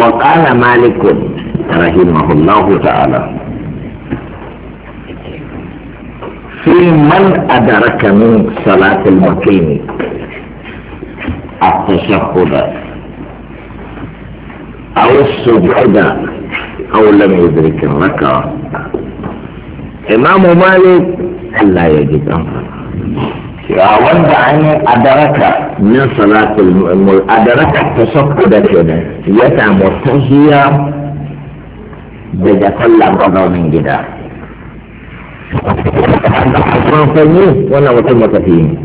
وقال مالك رحمه الله تعالى في من أدرك من صلاة المقيم التشهد أو السجود أو لم يدرك الركعة إمام مالك لا يجد أمرا يا ود أن أدرك من صلاة المل أدرك التشهد كده يتعب بدا كل الرضا من جدا حسن فيني وانا وطمة فيني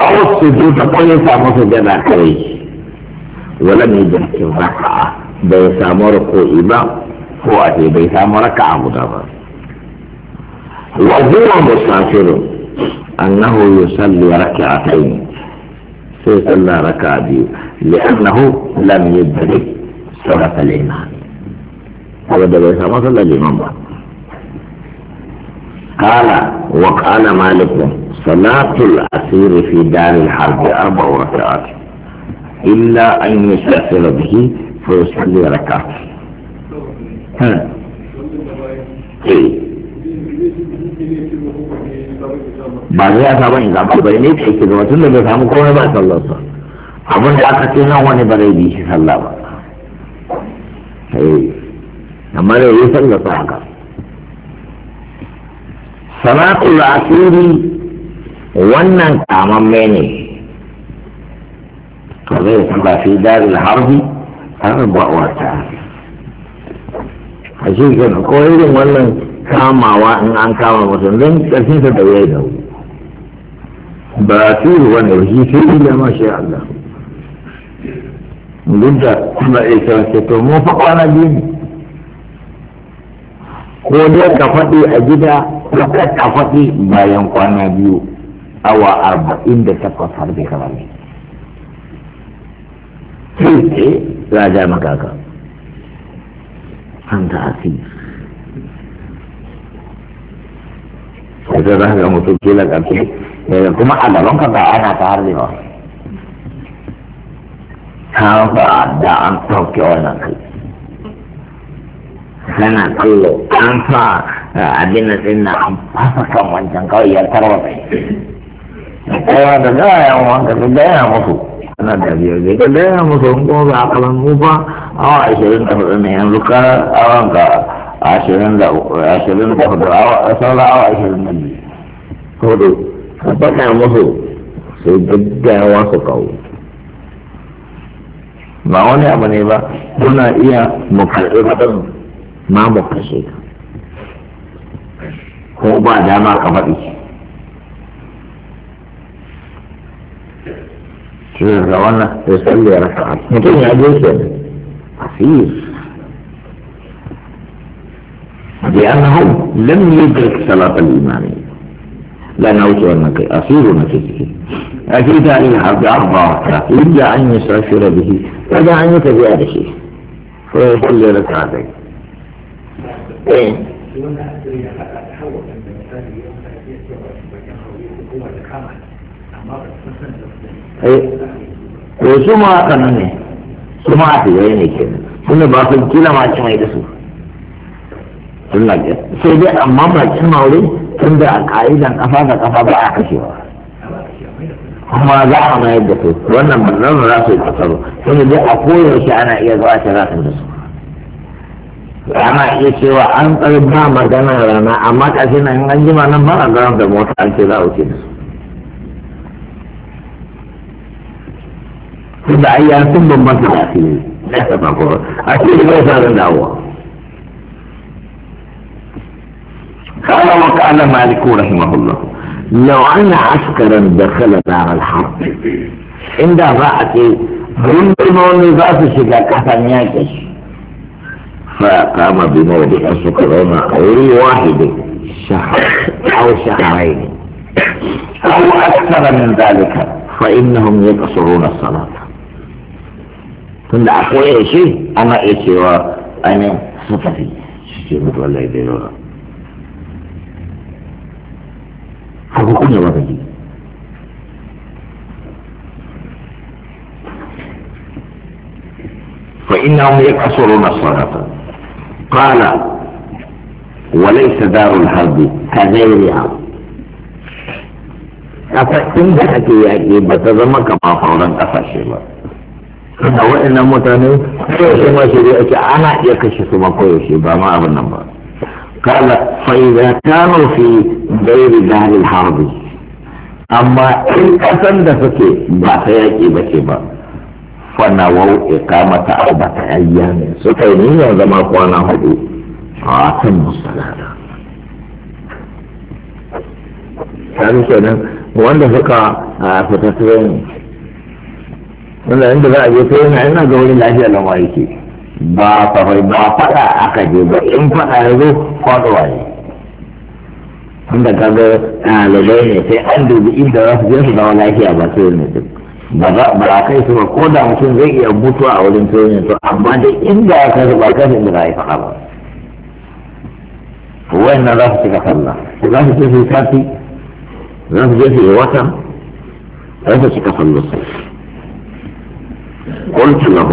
أو السجود كل سامو جدا كريش ولم يجد الرقعة بيسا مرقو إبا هو أتي بيسا مرقعة مدابا وهو مسافر أنه يصلي ركعتين سيصلى ركعتين لأنه لم يدرك صلاة الإمام هذا ليس مثل الإمام قال وقال مالك صلاة الأسير في دار الحرب أربع ركعات إلا أن يسافر به فيصلي ركعة ها إيه ba zai ya sabon izamu ba ne ke ke zama tun da bai samu komai ba sallar sa abin da aka ce nan wani ba zai bi shi sallah ba eh, amma da yi sallar sa haka salatul asiri wannan kamamme mene ka zai san ba fi daril harbi har ba wata a shi ko irin wannan kamawa in an kama mutum don ƙarshen sa da ya dawo ba su yi wani shi sai yi da ma shi Allah duk da kuma isa ce to mu fa kwana biyu ne ko dai ka faɗi a gida ko ka faɗi bayan kwana biyu awa arba'in da takwas har bai kama ne sai ce za a ja maka ka an ta asiri da za ga mutum kila ƙarfi kuma a gaban ka ga ana ta ba ta ba da an ɗauke wannan kai kana kallo an fa abin din na an fasa kan wancan kawai ya tarwa kai kowa da gaya wanka da gaya musu ana da biyar da ka gaya musu in kuma ba a kalan mu ba awa ashirin da hudu ne yanzu ka awanka ashirin da uku ashirin da hudu sauran awa ashirin da biyu hudu ka faɗa musu su gaggawa su kawo ba wani abu ne ba iya mu karɓi ma mu kashe ko ba dama ka faɗi shi da wannan sai mutum ya je shi asiri لأنه لم يدرك صلاة الإمامية لأن أوتوا أنك أصير نفسك أجد أن حد أربع ركعات إلا أن يستغفر به فلا أن يتبع به فيصلي ركعتين إيه ko su ma haka nan ne su ma a fiye ne kenan kuma kullaje sai dai amma bakin maure a ka'idan ba a kashewa kuma za a mayar da su wannan bannan za su yi kasaro sai dai a koyaushe ana iya zuwa ta za su ana iya cewa an tsari ba magana rana amma ƙarshe na in an jima nan ba a garan da mota an ce za a wuce da su tunda ayyar sun bambanta da asiri na sabon a cikin yau sa zan dawowa قال وقال مالك رحمه الله لو أن عسكرا دخل دار الحرب عند رأتي جندون ذات شكاكة ياكش فقام بموضع سكران أو واحد شهر أو شهرين أو أكثر من ذلك فإنهم يقصرون الصلاة tunda اخوه ايشي انا ايشي cewa ainihin su tafi shi ke فإنهم يكسرون الصلاة قال وليس دار الحرب كغيرها أفإن ذلك يا أكيب ما كما فعلا أفشي الله أنا وإن متاني كيف ما شريعة أنا يكشف ما كيف ما أبنى قال فإذا كانوا في غير دار الحرب أما إن أسن دفك باتيك با فنووا إقامة أربعة أيام سكينين زما قوانا هدو عاتم الصلاة كانوا كده wanda suka fita training wanda inda za a je training ina ga wani lafiya lamar yake ba fafai ba fada aka je ba in fada ya zo faɗuwa inda ka ga ɗalibai ne sai an dubi inda za su je su zama lafiya ba sai ne duk ba a kai su ba ko da mutum zai iya mutuwa a wurin training to amma dai inda ya kai su ba kai inda za faɗa ba wannan za su cika sallah su za su je su sati za su je su yi wata za su cika sallah su قلت له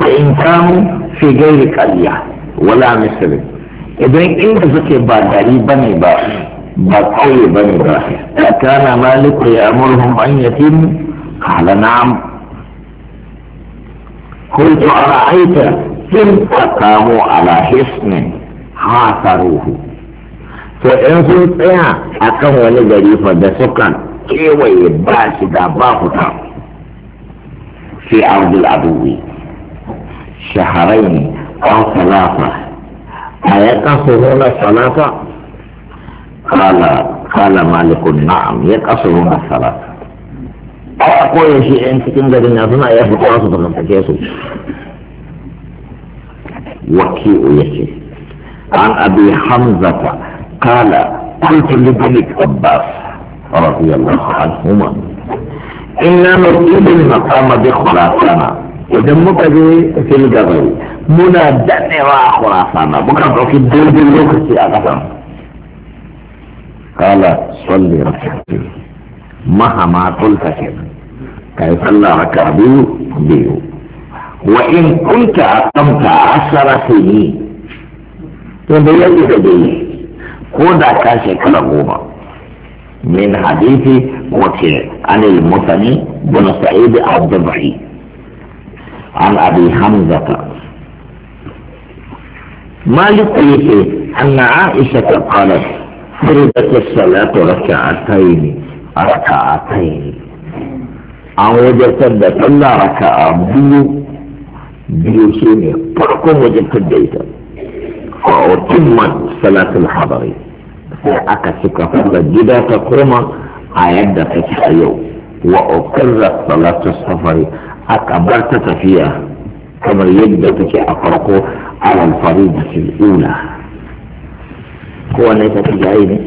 فإن كانوا في غير قرية ولا مثل إذا إنت سكي با غريبا ba بقي بني راحل أكان مالك يأمرهم أن يتم قال نعم قلت أرأيت إن أقاموا على حصن حاصروه فإن سنت إيه أقام ولدري فدسكا كيوي باشي داباهتا في أرض العدو شهرين أو ثلاثة أيقصرون الصلاة قال قال مالك نعم من الصلاة أقول شيء أنت تنظر إن أظن يا أخي قرص بغم تكيسو وكيء يشي عن أبي حمزة قال قلت لبنك عباس رضي الله عنهما إنا نريد المقام بخلاصنا إذا مكجي في الجبل منا دنوا خلاصنا بكرة في الدول بالوقت أقسم قال صلي ركعتين مهما قلت كذا كي صلى ركعتين بيو وإن كنت أقمت عشر سنين تبين لديه كودا كاشي كلا من حديث وكي عن المثني بن سعيد الضبعي عن أبي حمزة ما يقول أن عائشة قالت فرضت الصلاة ركعتين ركعتين an wajartar da sallah a biyu biyu su ne farkon wajartar da ita a otimman salatul habari sai aka cika fara gida ta koma a yadda take a yau wa okirra salatul safari aka bar ta tafiya kamar yadda take a farko a alfari da ula kowane tafi yayi ne